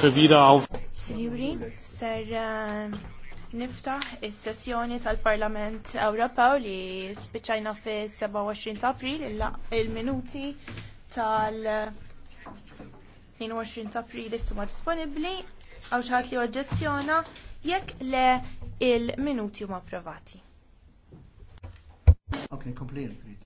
Signori, ser eh, niftaħ is-sessjoni tal-Parlament Ewropew li spiċċajna fis-27 ta' April il-minuti tal-22 ta' April issuma disponibbli għaw xi ħadd li oġġezzjona jekk le il-minuti huma approvati. Okay, complete.